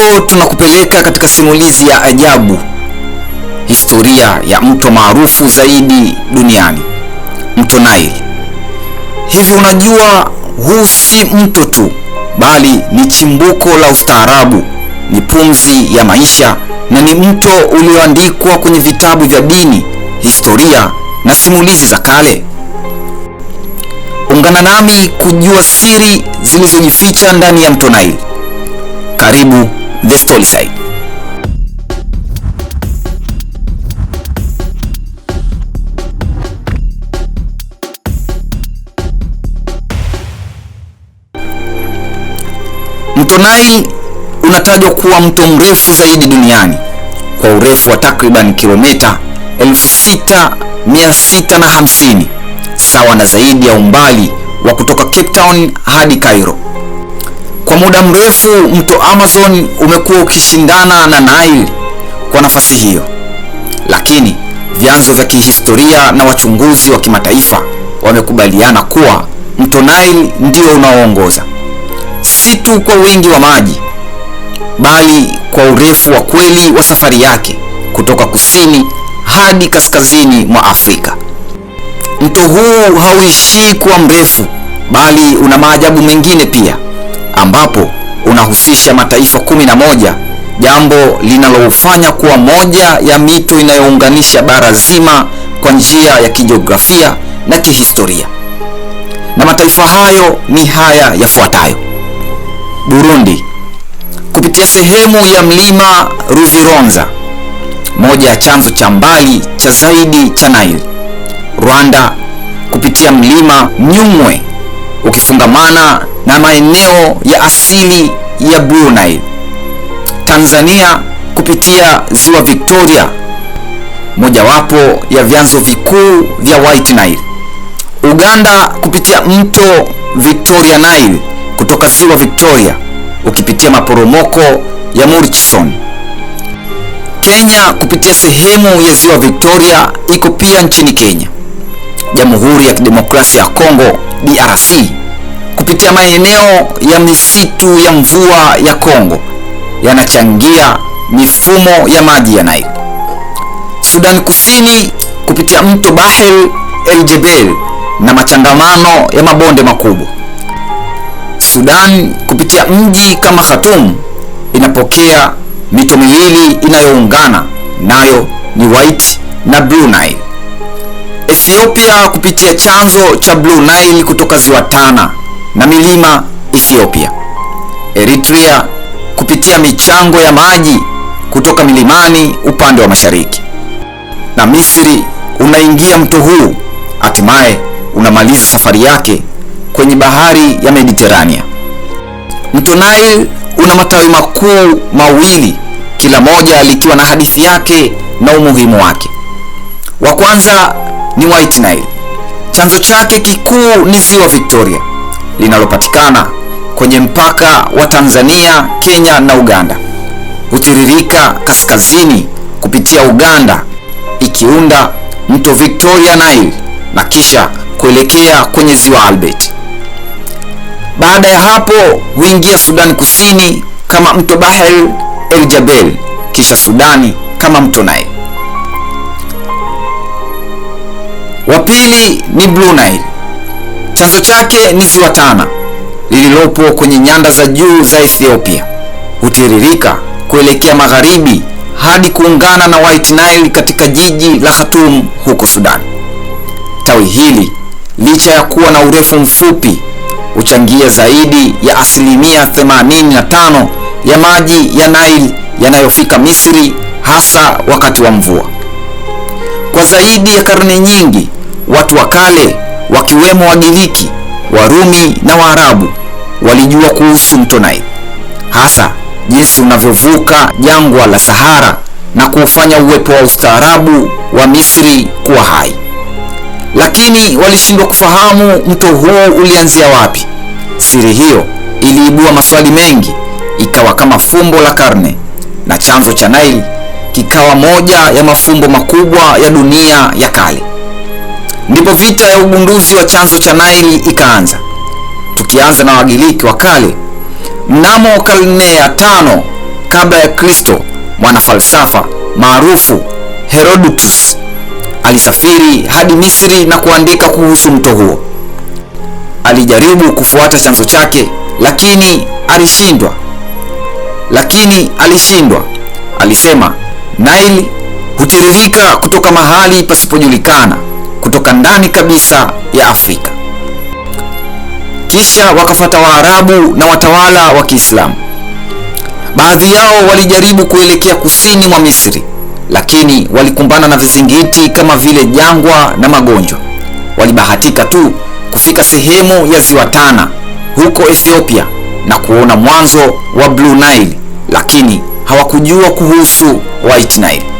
Leo tunakupeleka katika simulizi ya ajabu, historia ya mto maarufu zaidi duniani, mto Nile. Hivi unajua huu si mto tu, bali ni chimbuko la ustaarabu, ni pumzi ya maisha, na ni mto ulioandikwa kwenye vitabu vya dini, historia na simulizi za kale. Ungana nami kujua siri zilizojificha ndani ya mto Nile. Karibu they qualify. Mtonai unatajwa kuwa mto mrefu zaidi duniani kwa urefu wa takriban kilomita 6650 sawa na zaidi ya umbali wa kutoka Cape Town hadi Cairo. Kwa muda mrefu mto Amazon umekuwa ukishindana na Nile kwa nafasi hiyo, lakini vyanzo vya kihistoria na wachunguzi wa kimataifa wamekubaliana kuwa mto Nile ndio unaoongoza, si tu kwa wingi wa maji, bali kwa urefu wa kweli wa safari yake kutoka kusini hadi kaskazini mwa Afrika. Mto huu hauishii kuwa mrefu, bali una maajabu mengine pia ambapo unahusisha mataifa kumi na moja, jambo linaloufanya kuwa moja ya mito inayounganisha bara zima kwa njia ya kijiografia na kihistoria. Na mataifa hayo ni haya yafuatayo: Burundi kupitia sehemu ya mlima ruvironza moja ya chanzo cha mbali cha zaidi cha Nile; Rwanda kupitia mlima Nyumwe ukifungamana na maeneo ya asili ya Brunei, Tanzania kupitia ziwa Victoria, mojawapo ya vyanzo vikuu vya White Nile, Uganda kupitia mto Victoria Nile kutoka ziwa Victoria ukipitia maporomoko ya Murchison, Kenya kupitia sehemu ya ziwa Victoria iko pia nchini Kenya, Jamhuri ya Kidemokrasia ya Kongo DRC kupitia maeneo ya misitu ya mvua ya Kongo yanachangia mifumo ya maji ya Nile. Sudani Kusini kupitia mto Bahel El Jebel na machangamano ya mabonde makubwa. Sudan kupitia mji kama Khartoum inapokea mito miwili inayoungana nayo ni White na Blue Nile. Ethiopia kupitia chanzo cha Blue Nile kutoka Ziwa Tana na milima Ethiopia. Eritrea kupitia michango ya maji kutoka milimani upande wa mashariki. Na Misri unaingia mto huu, hatimaye unamaliza safari yake kwenye bahari ya Mediterania. Mto Nile una matawi makuu mawili, kila moja likiwa na hadithi yake na umuhimu wake. Wa kwanza ni White Nile. Chanzo chake kikuu ni ziwa Victoria linalopatikana kwenye mpaka wa Tanzania, Kenya na Uganda hutiririka kaskazini kupitia Uganda ikiunda mto Victoria Nile na kisha kuelekea kwenye ziwa Albert. Baada ya hapo huingia Sudani Kusini kama mto Bahr el Jabel, kisha Sudani kama mto Nile. Wa pili ni Blue Nile Chanzo chake ni ziwa Tana lililopo kwenye nyanda za juu za Ethiopia. Hutiririka kuelekea magharibi hadi kuungana na White Nile katika jiji la Khartoum huko Sudan. Tawi hili licha ya kuwa na urefu mfupi, huchangia zaidi ya asilimia 85 ya maji ya Nile yanayofika Misri, hasa wakati wa mvua. Kwa zaidi ya karne nyingi, watu wa kale wakiwemo Wagiriki, Warumi na Waarabu walijua kuhusu mto Nile, hasa jinsi unavyovuka jangwa la Sahara na kuufanya uwepo wa ustaarabu wa Misri kuwa hai. Lakini walishindwa kufahamu mto huu ulianzia wapi. Siri hiyo iliibua maswali mengi, ikawa kama fumbo la karne, na chanzo cha Nile kikawa moja ya mafumbo makubwa ya dunia ya kale ndipo vita ya ugunduzi wa chanzo cha Naili ikaanza, tukianza na Wagiriki wa kale. Mnamo karne ya tano kabla ya Kristo, mwanafalsafa maarufu Herodotus alisafiri hadi Misri na kuandika kuhusu mto huo. Alijaribu kufuata chanzo chake, lakini alishindwa lakini alishindwa. Alisema Nile hutiririka kutoka mahali pasipojulikana kutoka ndani kabisa ya Afrika. Kisha wakafata Waarabu na watawala wa Kiislamu. Baadhi yao walijaribu kuelekea kusini mwa Misri, lakini walikumbana na vizingiti kama vile jangwa na magonjwa. Walibahatika tu kufika sehemu ya Ziwa Tana huko Ethiopia na kuona mwanzo wa Blue Nile, lakini hawakujua kuhusu White Nile.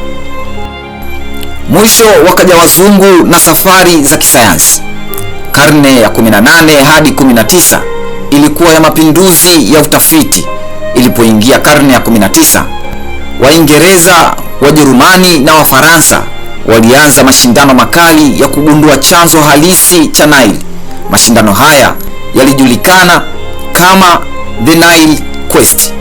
Mwisho wakaja wazungu na safari za kisayansi. Karne ya 18 hadi 19 ilikuwa ya mapinduzi ya utafiti. Ilipoingia karne ya 19, Waingereza, Wajerumani na Wafaransa walianza mashindano makali ya kugundua chanzo halisi cha Nile. Mashindano haya yalijulikana kama The Nile Quest.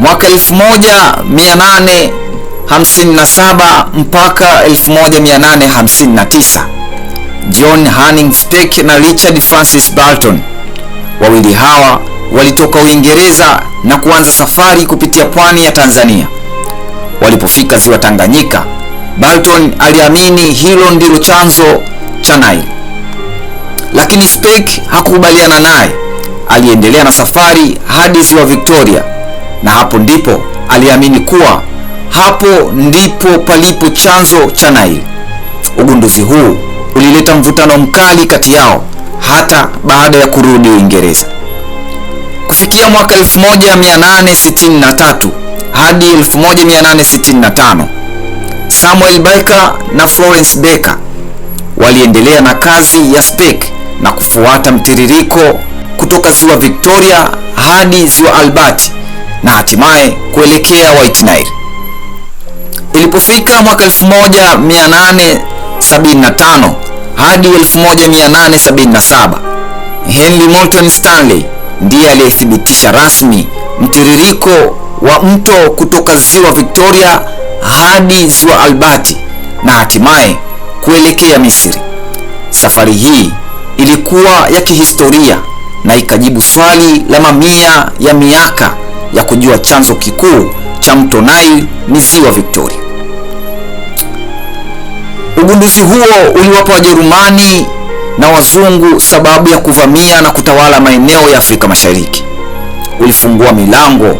mwaka 1857 mpaka 1859. John Hanning Speke na Richard Francis Burton, wawili hawa walitoka Uingereza na kuanza safari kupitia pwani ya Tanzania. Walipofika ziwa Tanganyika, Burton aliamini hilo ndilo chanzo cha Nile, lakini Speke hakukubaliana naye. Aliendelea na safari hadi ziwa Victoria na hapo ndipo aliamini kuwa hapo ndipo palipo chanzo cha Nile. Ugunduzi huu ulileta mvutano mkali kati yao hata baada ya kurudi Uingereza. Kufikia mwaka 1863 hadi 1865, Samuel Baker na Florence Baker waliendelea na kazi ya Speck na kufuata mtiririko kutoka ziwa Victoria hadi ziwa Albert na hatimaye kuelekea White Nile. Ilipofika mwaka 1875 hadi 1877, Henry Morton Stanley ndiye aliyethibitisha rasmi mtiririko wa mto kutoka ziwa Victoria hadi ziwa Albati na hatimaye kuelekea Misri. Safari hii ilikuwa ya kihistoria na ikajibu swali la mamia ya miaka ya kujua chanzo kikuu cha mto Nile ni ziwa Victoria. Ugunduzi huo uliwapa Wajerumani na wazungu sababu ya kuvamia na kutawala maeneo ya Afrika Mashariki. Ulifungua milango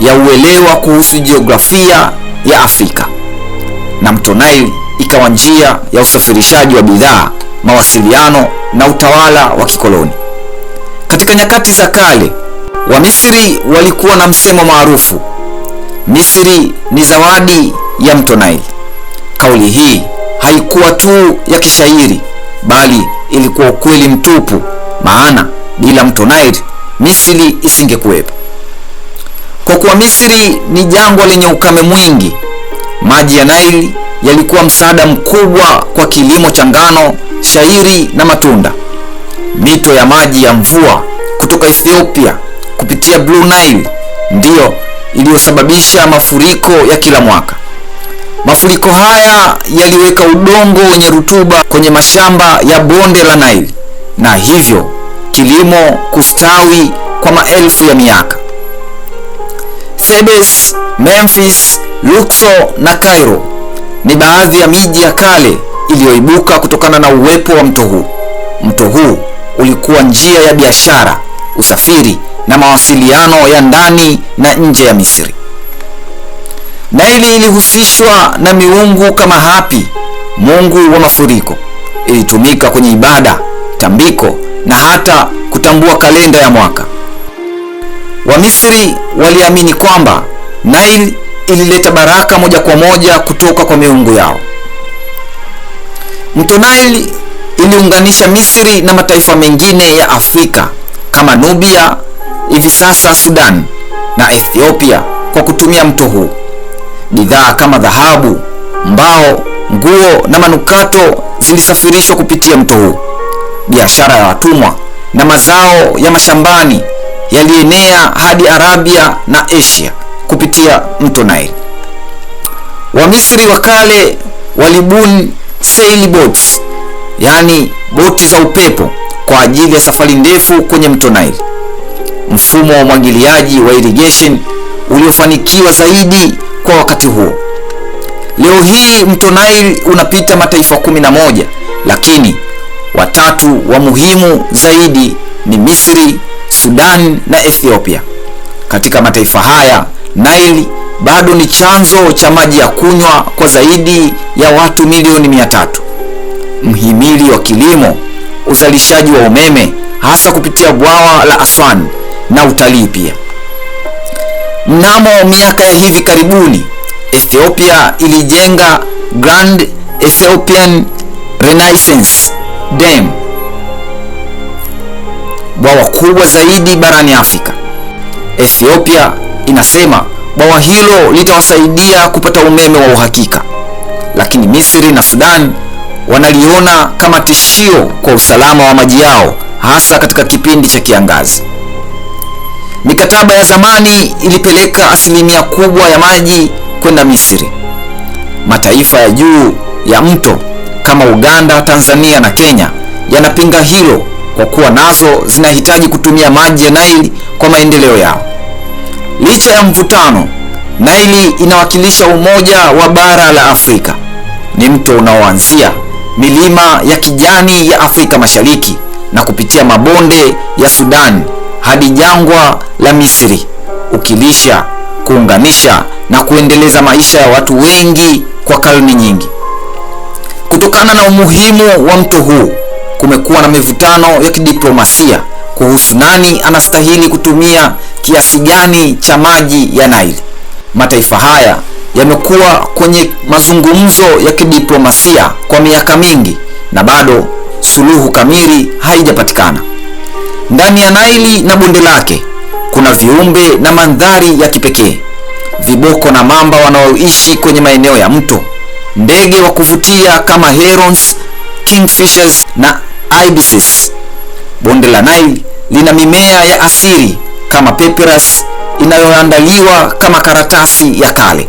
ya uelewa kuhusu jiografia ya Afrika, na mto Nile ikawa njia ya usafirishaji wa bidhaa, mawasiliano na utawala wa kikoloni. Katika nyakati za kale Wamisri walikuwa na msemo maarufu, Misri ni zawadi ya mto Nile. Kauli hii haikuwa tu ya kishairi, bali ilikuwa ukweli mtupu, maana bila mto Nile Misri isingekuwepo. Kwa kuwa Misri ni jangwa lenye ukame mwingi, maji ya Nile yalikuwa msaada mkubwa kwa kilimo cha ngano, shairi na matunda. Mito ya maji ya mvua kutoka Ethiopia kupitia Blue Nile ndiyo iliyosababisha mafuriko ya kila mwaka. Mafuriko haya yaliweka udongo wenye rutuba kwenye mashamba ya bonde la Nile na hivyo kilimo kustawi kwa maelfu ya miaka. Thebes, Memphis, Luxor na Cairo ni baadhi ya miji ya kale iliyoibuka kutokana na uwepo wa mto huu. Mto huu ulikuwa njia ya biashara, usafiri na mawasiliano ya ndani na nje ya Misri. Naili ilihusishwa na miungu kama Hapi, mungu wa mafuriko. Ilitumika kwenye ibada, tambiko na hata kutambua kalenda ya mwaka. Wamisri waliamini kwamba Nile ilileta baraka moja kwa moja kutoka kwa miungu yao. Mto Nile iliunganisha Misri na mataifa mengine ya Afrika kama Nubia hivi sasa Sudan na Ethiopia kwa kutumia mto huu. Bidhaa kama dhahabu, mbao, nguo na manukato zilisafirishwa kupitia mto huu. Biashara ya watumwa na mazao ya mashambani yalienea hadi Arabia na Asia kupitia mto Nile. Wamisri wa kale walibuni sailboats, yaani boti za upepo kwa ajili ya safari ndefu kwenye mto Nile mfumo wa umwagiliaji wa irrigation uliofanikiwa zaidi kwa wakati huo. Leo hii mto Nile unapita mataifa kumi na moja, lakini watatu wa muhimu zaidi ni Misri, Sudan na Ethiopia. Katika mataifa haya Nile bado ni chanzo cha maji ya kunywa kwa zaidi ya watu milioni mia tatu, mhimili wa kilimo, uzalishaji wa umeme hasa kupitia bwawa la Aswan na utalii pia. Mnamo miaka ya hivi karibuni, Ethiopia ilijenga Grand Ethiopian Renaissance Dam, bwawa kubwa zaidi barani Afrika. Ethiopia inasema bwawa hilo litawasaidia kupata umeme wa uhakika, lakini Misri na Sudan wanaliona kama tishio kwa usalama wa maji yao, hasa katika kipindi cha kiangazi. Mikataba ya zamani ilipeleka asilimia kubwa ya maji kwenda Misri. Mataifa ya juu ya mto kama Uganda, Tanzania na Kenya yanapinga hilo kwa kuwa nazo zinahitaji kutumia maji ya Naili kwa maendeleo yao. Licha ya mvutano, Naili inawakilisha umoja wa bara la Afrika. Ni mto unaoanzia milima ya kijani ya Afrika Mashariki na kupitia mabonde ya Sudani hadi jangwa la Misri, ukilisha, kuunganisha na kuendeleza maisha ya watu wengi kwa karne nyingi. Kutokana na umuhimu wa mto huu, kumekuwa na mivutano ya kidiplomasia kuhusu nani anastahili kutumia kiasi gani cha maji ya Naili. Mataifa haya yamekuwa kwenye mazungumzo ya kidiplomasia kwa miaka mingi na bado suluhu kamili haijapatikana. Ndani ya Naili na bonde lake kuna viumbe na mandhari ya kipekee, viboko na mamba wanaoishi kwenye maeneo ya mto, ndege wa kuvutia kama herons, kingfishers na ibises. Bonde la Nile lina mimea ya asili kama papyrus inayoandaliwa kama karatasi ya kale.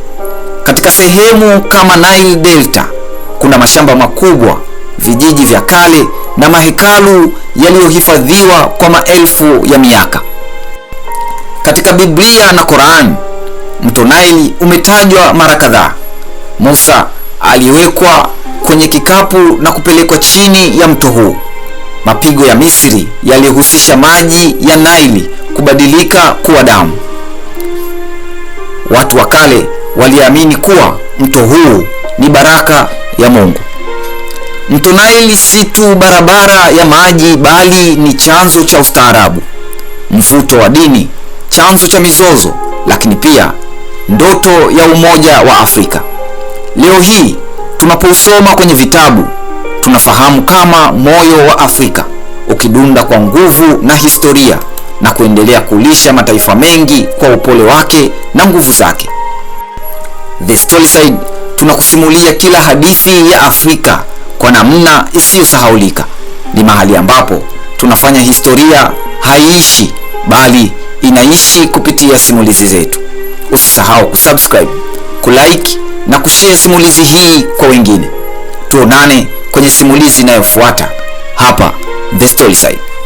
Katika sehemu kama Nile Delta kuna mashamba makubwa, vijiji vya kale na mahekalu yaliyohifadhiwa kwa maelfu ya miaka. Katika Biblia na Qur'an, mto Naili umetajwa mara kadhaa. Musa aliwekwa kwenye kikapu na kupelekwa chini ya mto huu. Mapigo ya Misri yalihusisha maji ya Naili kubadilika kuwa damu. Watu wa kale waliamini kuwa mto huu ni baraka ya Mungu. Mto Nile si tu barabara ya maji bali ni chanzo cha ustaarabu, mvuto wa dini, chanzo cha mizozo, lakini pia ndoto ya umoja wa Afrika. Leo hii tunapousoma kwenye vitabu tunafahamu kama moyo wa Afrika ukidunda kwa nguvu na historia na kuendelea kulisha mataifa mengi kwa upole wake na nguvu zake. The Storyside tunakusimulia kila hadithi ya Afrika kwa namna isiyosahaulika. Ni mahali ambapo tunafanya historia haiishi, bali inaishi kupitia simulizi zetu. Usisahau kusubscribe, kulike na kushare simulizi hii kwa wengine. Tuonane kwenye simulizi inayofuata hapa The Storyside.